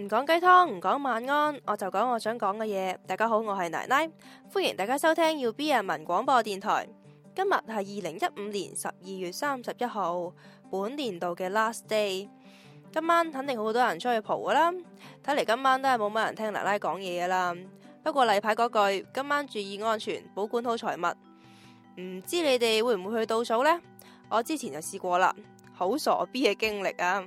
唔講雞湯，唔講晚安，我就講我想講嘅嘢。大家好，我係奶奶，歡迎大家收聽耀 B 人文廣播電台。今日係二零一五年十二月三十一號，本年度嘅 last day。今晚肯定好多人出去蒲噶啦，睇嚟今晚都係冇乜人聽奶奶講嘢噶啦。不過例牌嗰句，今晚注意安全，保管好財物。唔知你哋會唔會去倒數呢？我之前就試過啦，好傻逼嘅經歷啊！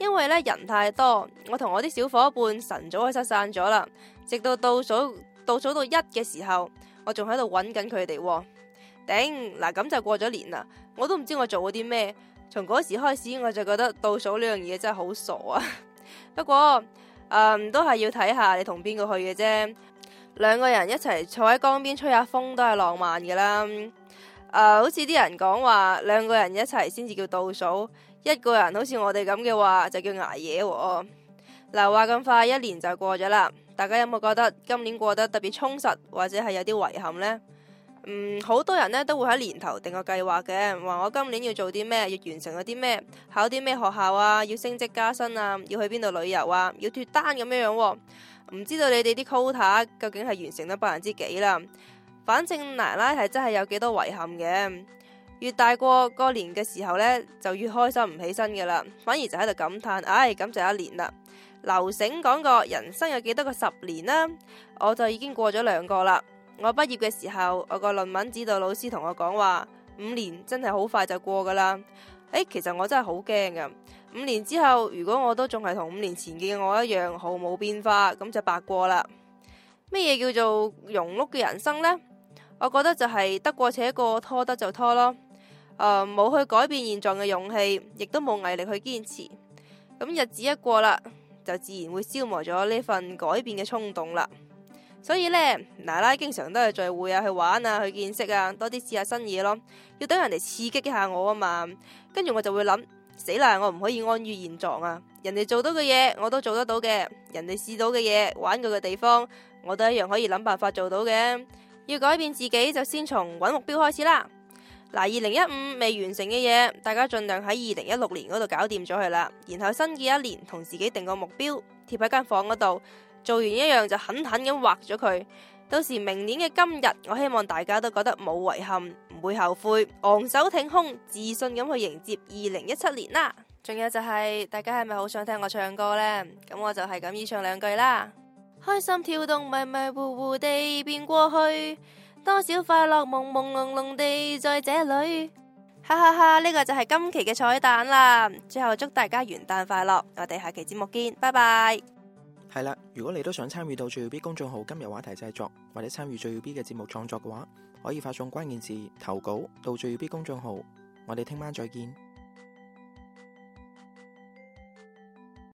因為咧人太多，我同我啲小伙伴晨早就失散咗啦。直到倒數倒數到一嘅時候，我仲喺度揾緊佢哋。頂，嗱，咁就過咗年啦，我都唔知我做咗啲咩。從嗰時開始，我就覺得倒數呢樣嘢真係好傻啊。 不過誒、呃，都係要睇下你同邊個去嘅啫。兩個人一齊坐喺江邊吹下風都係浪漫嘅啦。誒、呃，好似啲人講話，兩個人一齊先至叫倒數，一個人好似我哋咁嘅話就叫挨夜，哦。嗱，話咁快一年就過咗啦，大家有冇覺得今年過得特別充實，或者係有啲遺憾呢？嗯，好多人呢，都會喺年頭定個計劃嘅，話我今年要做啲咩，要完成咗啲咩，考啲咩學校啊，要升職加薪啊，要去邊度旅遊啊，要脱單咁樣樣，哦。唔知道你哋啲 quota 究竟係完成咗百分之幾啦？反正奶奶係真係有幾多遺憾嘅，越大過過年嘅時候呢，就越開心唔起身嘅啦。反而就喺度感嘆，唉、哎，咁就一年啦。劉醒講過，人生有幾多個十年啦，我就已經過咗兩個啦。我畢業嘅時候，我個論文指導老師同我講話，五年真係好快就過噶啦。誒、哎，其實我真係好驚噶，五年之後如果我都仲係同五年前嘅我一樣毫無變化，咁就白過啦。咩嘢叫做庸碌嘅人生呢？我覺得就係得過且過，拖得就拖咯。誒、呃，冇去改變現狀嘅勇氣，亦都冇毅力去堅持。咁、嗯、日子一過啦，就自然會消磨咗呢份改變嘅衝動啦。所以呢，奶奶經常都係聚會啊，去玩啊，去見識啊，多啲試下新嘢咯。要等人哋刺激一下我啊嘛，跟住我就會諗，死啦！我唔可以安於現狀啊。人哋做到嘅嘢，我都做得到嘅；人哋試到嘅嘢，玩過嘅地方，我都一樣可以諗辦法做到嘅。要改變自己，就先從揾目標開始啦。嗱，二零一五未完成嘅嘢，大家盡量喺二零一六年嗰度搞掂咗佢啦。然後新嘅一年同自己定個目標，貼喺間房嗰度，做完一樣就狠狠咁劃咗佢。到時明年嘅今日，我希望大家都覺得冇遺憾，唔會後悔，昂首挺胸，自信咁去迎接二零一七年啦。仲有就係，大家係咪好想聽我唱歌呢？咁我就係咁以唱兩句啦。開心跳動，迷迷糊糊地變過去，多少快樂朦朦朧朧地在 這裏。哈哈哈！呢個就係今期嘅彩蛋啦。最後祝大家元旦快樂，我哋下期節目見，拜拜。係啦，如果你都想參與到最耀 B 公眾號今日話題製作，或者參與最耀 B 嘅節目創作嘅話，可以發送關鍵字投稿到最耀 B 公眾號。我哋聽晚再見。